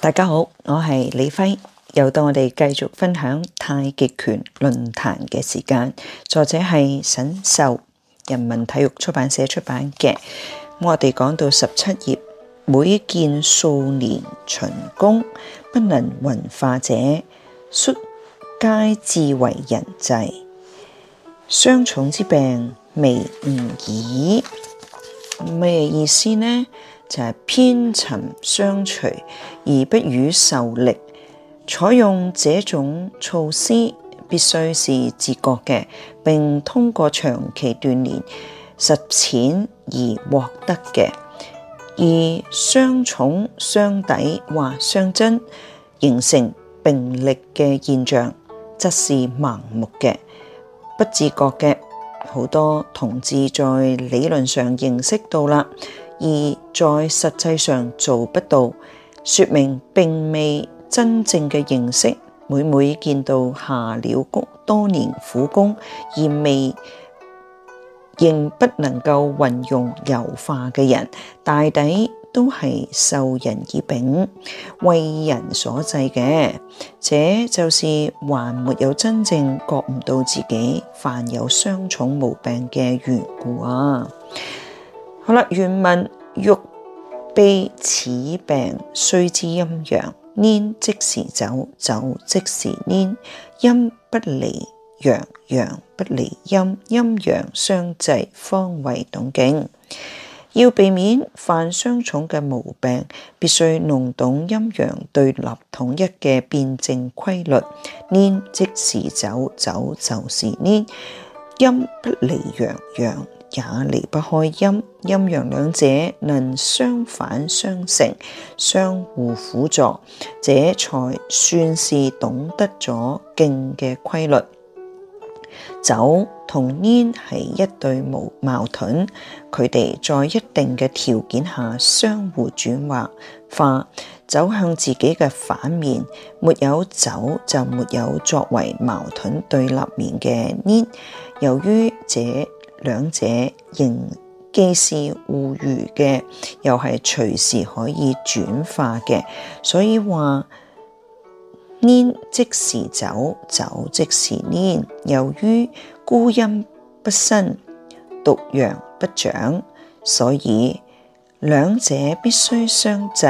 大家好，我係李輝，又到我哋繼續分享太極拳論壇嘅時間。作者係沈壽，人民體育出版社出版嘅。我哋講到十七頁，每見數年純功不能運化者，率皆自為人制。雙重之病未悟耳，咩意思呢？就係偏沉相隨而不與受力，採用這種措施，必須是自覺嘅，並通過長期鍛煉實踐而獲得嘅。而雙重相抵或雙爭形成併力嘅現象，則是盲目嘅、不自覺嘅。好多同志在理論上認識到啦。而在實際上做不到，說明並未真正嘅認識。每每見到下了功多年苦功而未，仍不能夠運用油化嘅人，大抵都係受人以柄，為人所制嘅。這就是還沒有真正覺唔到自己犯有雙重毛病嘅緣故啊！好啦，原文欲避此病，須知陰陽。粘即時走，走即時粘。陰不離陽，陽不離陰，陰陽相濟，方為懂勁。要避免犯雙重嘅毛病，必須弄懂陰陽對立統一嘅辯證規律。粘即時走，走就是粘。陰不離陽，陽也離不開陰，陰陽兩者能相反相成，相互輔助，這才算是懂得咗勁嘅規律。走同黏係一對矛矛盾，佢哋在一定嘅條件下相互轉化，走向自己嘅反面。沒有走就沒有作為矛盾對立面嘅黏。由於這兩者仍既是互馀嘅，又係隨時可以轉化嘅，所以話黏即時走，走即時黏。由於孤陰不生，獨陽不長，所以兩者必須相制。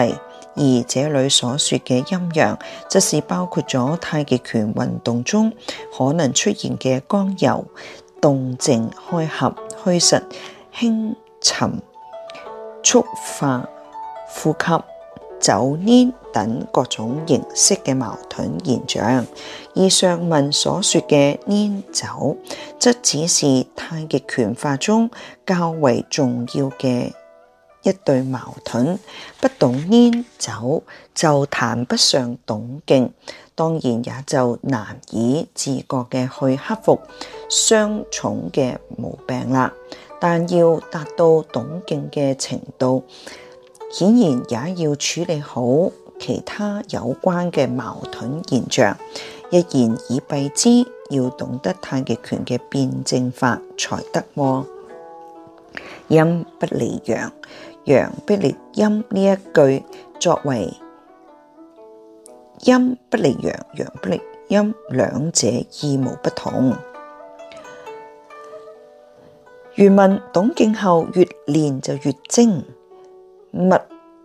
而這裡所說嘅陰陽，則是包括咗太極拳運動中可能出現嘅剛柔。動靜開合、虛實、輕沉、觸發、呼吸、走黏等各種形式嘅矛盾現象，以上文所說嘅黏走」，則只是太極拳化中較為重要嘅一對矛盾。不懂黏走」，就談不上懂勁，當然也就難以自覺嘅去克服雙重嘅毛病啦，但要達到懂勁嘅程度，顯然也要處理好其他有關嘅矛盾現象，一言以蔽之，要懂得太極拳嘅辯證法才得喎。陰不離陽，陽不離陰呢一句作為。陰不離陽，陽不離陰，兩者義無不同。如問懂勁後越練就越精，默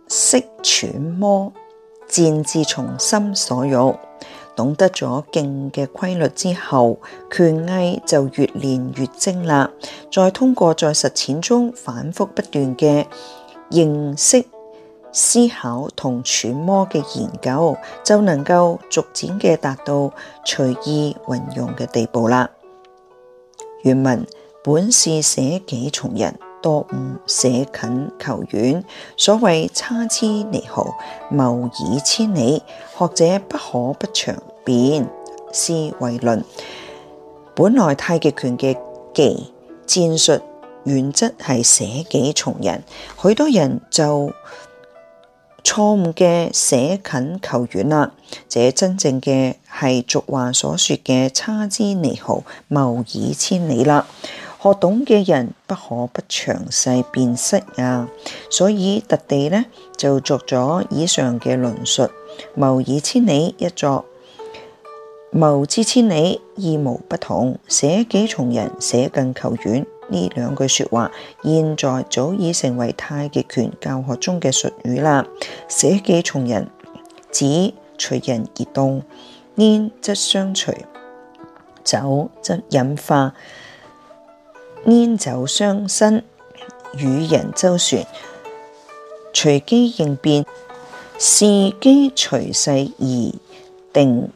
識揣摩，漸至從心所欲。懂得咗勁嘅規律之後，拳藝就越練越精啦。再通過在實踐中反復不斷嘅認識。思考同揣摩嘅研究，就能夠逐漸嘅達到隨意運用嘅地步啦。原文本是捨己從人，多誤捨近求遠。所謂差之毫釐，謬以千里。學者不可不長辨是為論。本來太極拳嘅技戰術原則係捨己從人，許多人就。錯誤嘅捨近求遠啦，這真正嘅係俗話所說嘅差之毫釐，謀以千里啦。學懂嘅人不可不詳細辨識啊，所以特地呢，就作咗以上嘅論述。謀以千里一作，謀之千里，意無不同。捨己從人，捨近求遠。呢兩句說話，現在早已成為太極拳教學中嘅術語啦。捨己從人，指隨人而動；黏則相隨，走則引化；黏走相生，與人周旋，隨機應變，伺機隨勢而定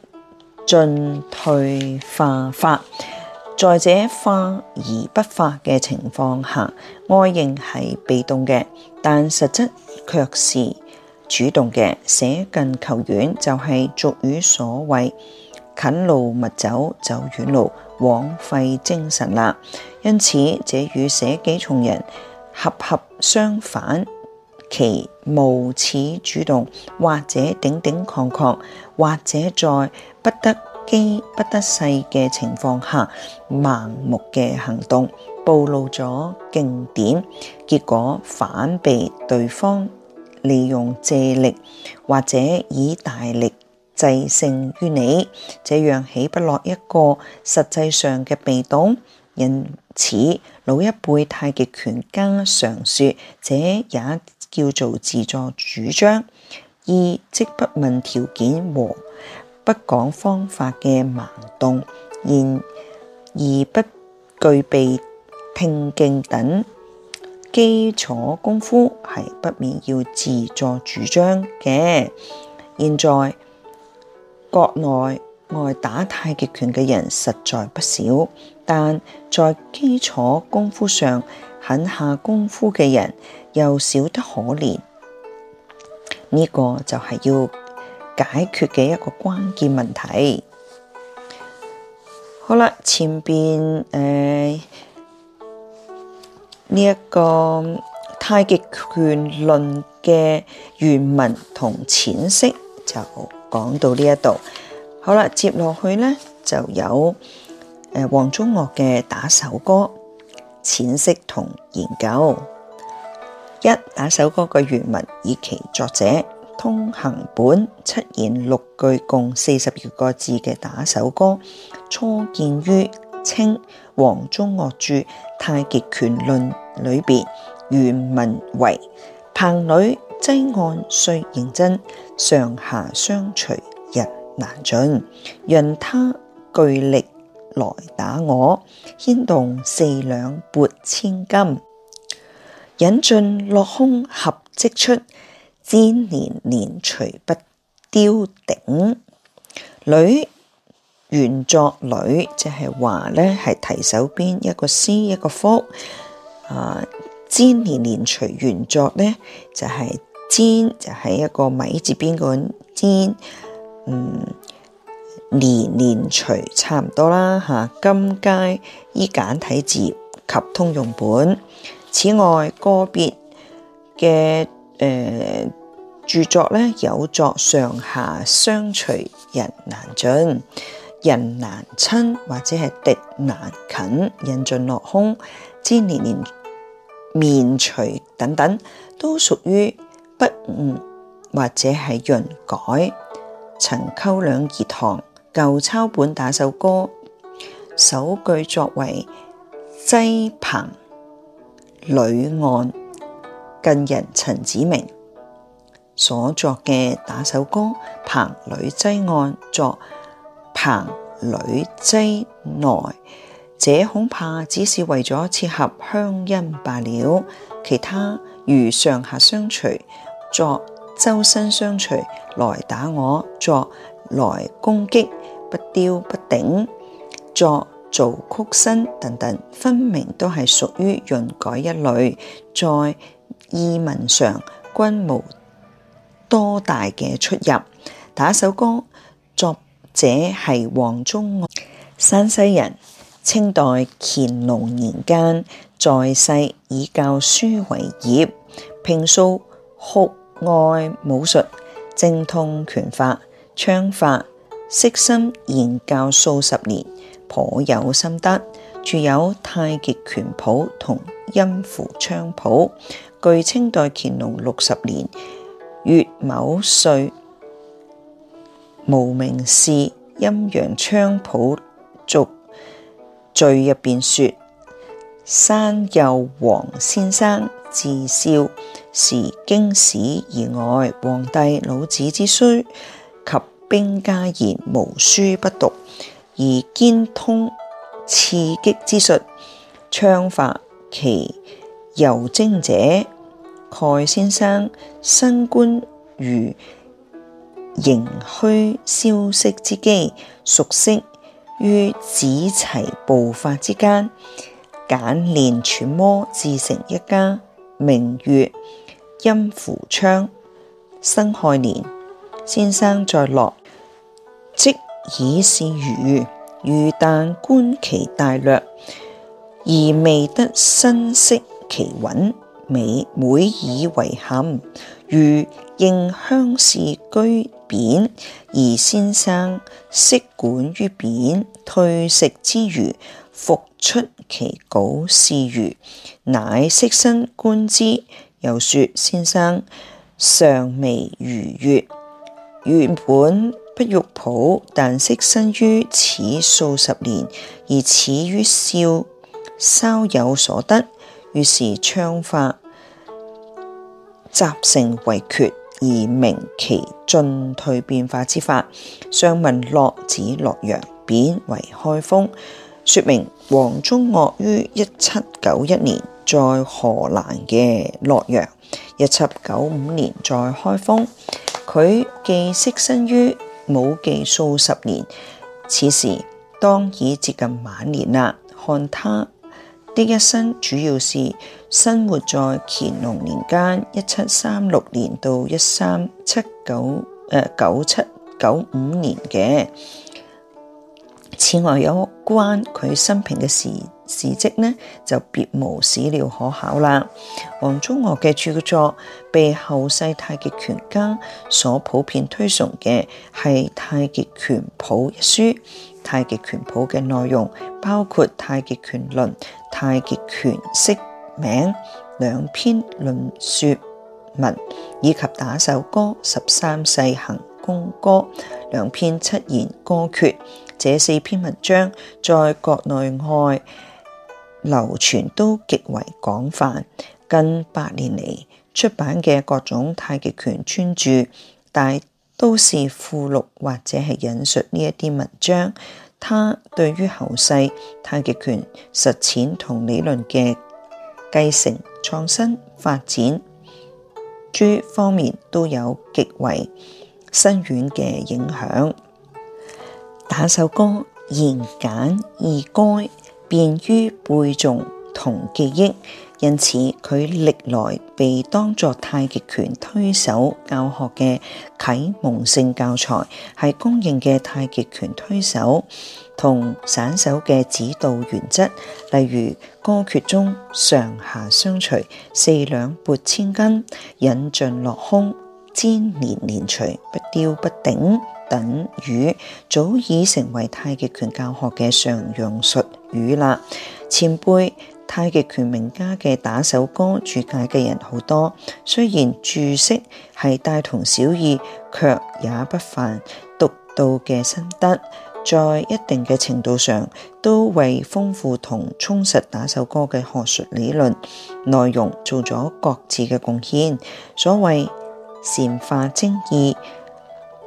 進退化法。在這化而不化嘅情況下，外形係被動嘅，但實質卻是主動嘅。捨近求遠就係俗語所謂，近路勿走，走遠路，枉費精神啦。因此，這與捨己從人恰恰相反，其無此主動，或者頂頂抗抗，或者在不得，機不得勢嘅情況下，盲目嘅行動，暴露咗勁點，結果反被對方利用借力，或者以大力制勝於你，這樣豈不落一個實際上嘅被動？因此，老一輩太極拳家常說，這也叫做自作主張，二即不問條件和。不講方法嘅盲動，然而不具備拼勁等基礎功夫，係不免要自作主張嘅。現在國內愛打太極拳嘅人實在不少，但在基礎功夫上肯下功夫嘅人又少得可憐。呢、這個就係要。解決嘅一個關鍵問題。好啦，前邊誒呢一個太極拳論嘅原文同淺釋就講到呢一度。好啦，接落去呢就有誒王宗岳嘅打手歌淺釋同研究。一，打手歌嘅原文及其作者。通行本七言六句共四十二個字嘅打手歌，初見於清黃宗岳著《太極拳論》裏邊，原文為：彭女擠案擠按，需認真，上下相隨人難盡，讓他巨力來打我，牽動四兩撥千斤，引進落空合即出。尖連連隨不丟頂。女原作女，即係話咧，係提手邊一個 C，一個福。啊，尖連連隨原作咧就係、是、尖就係、是、一個米字邊個尖，嗯連連隨差唔多啦吓，今、啊、街依簡體字及通用本，此外個別嘅誒。呃著作咧有作上下相隨，人難進，人難親或者係敵難近，人盡落空，知年年面隨等等，都屬於筆誤或者係潤改。陳溝兩儀堂舊抄本打手歌，首句作為擠掤捋按，近人陳子明。所作嘅打手歌，掤捋擠按作掤捋擠內，這恐怕只是為咗切合鄉音罷了。其他如上下相隨作周身相隨，來打我作來攻擊，不丟不頂作做曲身等等，分明都係屬於潤改一類，在意文上均無，多大嘅出入？打首歌，作者係王宗岳，山西人，清代乾隆年間在世，以教書為業，平素酷愛武術，精通拳法、槍法，悉心研究數十年，頗有心得，著有《太極拳譜》同《陰符槍譜》，據清代乾隆六十年，月某歲無名氏陰陽槍譜俗序入邊說：山右王先生自少時經史以外，皇帝老子之書及兵家言，無書不讀，而兼通刺擊之術，槍法其尤精者。蓋先生新觀，如盈虛消息之機，熟悉於子齊步法之間，簡練揣摩，自成一家名月，名曰陰符槍。生亥年，先生在洛，即以是儒，然但觀其大略，而未得深識其蘊。每每以為憾，如應鄉試居貶，而先生悉管於貶，退食之餘，復出其稿事余，乃悉身觀之。又說先生尚未如月，原本不欲普，但悉身於此數十年，而此於少稍有所得。於是槍法集成為決，而明其進退變化之法。上文洛指洛陽，汴為開封。説明王宗岳於一七九一年在河南嘅洛陽，一七九五年在開封。佢既悉身於武技數十年，此時當已接近晚年啦。看他。呢一生主要是生活在乾隆年間（一七三六年到一三七九誒九七九五年）嘅。此外，有關佢生平嘅事事跡呢，就別無史料可考啦。王宗岳嘅著作被後世太極拳家所普遍推崇嘅係《太極拳譜》一書。太極拳譜嘅內容包括太極拳論、太極拳釋名兩篇論說文，以及打手歌、十三勢行功歌兩篇七言歌訣。這四篇文章在國內外流傳都極為廣泛。近百年嚟出版嘅各種太極拳專著，大都是附錄或者係引述呢一啲文章，他對於後世太極拳實踐同理論嘅繼承、創新、發展諸方面都有極為深遠嘅影響。打手歌，言簡意賅，便於背誦同記憶。因此，佢歷來被當作太極拳推手教學嘅啟蒙性教材，係公認嘅太極拳推手同散手嘅指導原則。例如歌訣中上下相隨，四兩撥千斤，引進落空，沾連黏隨，不丟不頂等語，早已成為太極拳教學嘅常用術語啦。前輩。太極拳名家嘅打手歌注解嘅人好多，雖然注釋係大同小異，卻也不凡獨到嘅心得，在一定嘅程度上都為豐富同充實打手歌嘅學術理論內容做咗各自嘅貢獻。所謂禪化精義，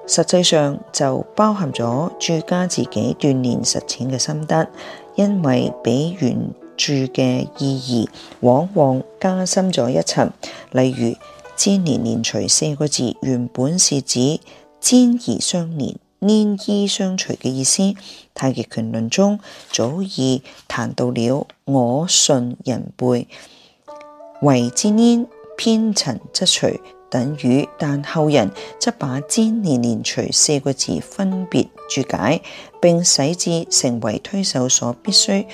實際上就包含咗注家自己鍛煉實踐嘅心得，因為比原。注嘅意義，往往加深咗一層。例如“粘連黏隨”四個字，原本是指粘而相連、黏依相隨嘅意思。太極拳論中早已談到了“我順人背，為之粘偏沉則隨”等語，但後人則把“粘連黏隨”四個字分別注解，並使之成為推手所必須。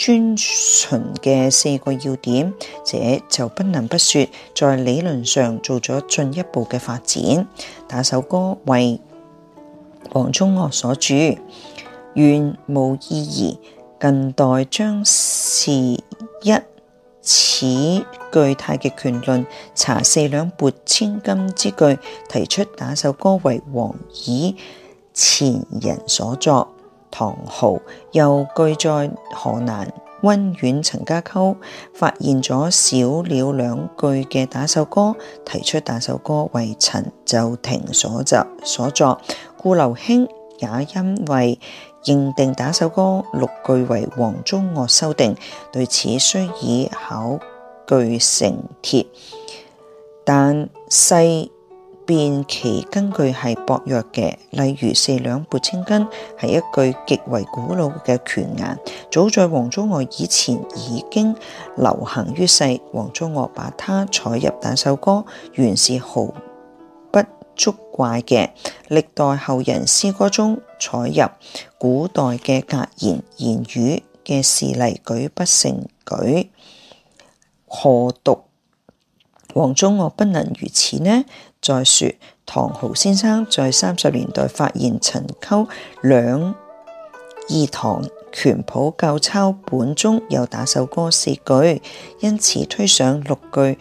遵循嘅四個要點，這就不能不說，在理論上做咗進一步嘅發展。打手歌為王宗岳所著，願無意義，近代將是一此巨太極拳論查四兩撥千斤之句，提出打手歌為王以前人所作。唐豪又據在河南溫縣陳家溝發現咗少了兩句嘅打手歌，提出打手歌為陳奏庭所集所作。顧留馨也因為認定打手歌六句為王宗岳修訂，對此需以考據成帖，但細。便其根據係薄弱嘅，例如四兩撥千斤係一句極為古老嘅拳眼，早在王宗岳以前已經流行於世。王宗岳把它採入那首歌，原是毫不足怪嘅。歷代後人詩歌中採入古代嘅格言言語嘅事例舉不勝舉，何獨王宗岳不能如此呢。再説，唐豪先生在三十年代發現陳溝兩二堂拳譜舊抄本中有打手歌四句，因此推上六句。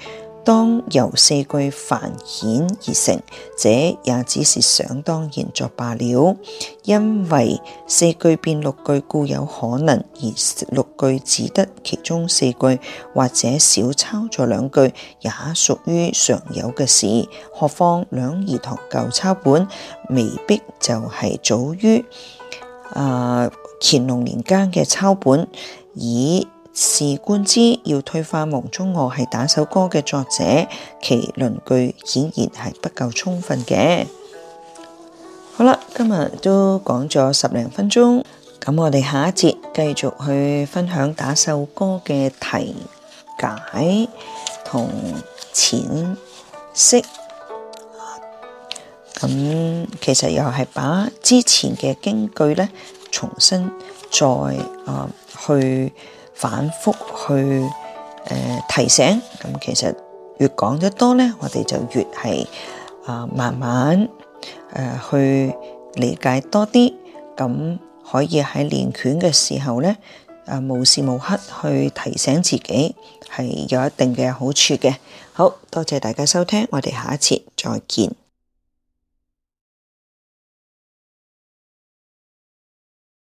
當由四句繁衍而成，這也只是想當然作罷了。因為四句變六句固有可能，而六句只得其中四句或者少抄咗兩句，也屬於常有嘅事。何況兩儀堂舊抄本未必就係早於、呃、乾隆年間嘅抄本，而。事觀之，要推翻，王宗岳係打手歌嘅作者，其論據顯然係不夠充分嘅。好啦，今日都講咗十零分鐘，咁我哋下一節繼續去分享打手歌嘅題解同淺析。咁其實又係把之前嘅經句咧，重新再、呃、去。反復去誒、呃、提醒，咁其實越講得多呢，我哋就越係啊、呃、慢慢誒、呃、去理解多啲，咁可以喺練拳嘅時候呢，啊、呃、無時無刻去提醒自己係有一定嘅好處嘅。好，多謝大家收聽，我哋下一次再見。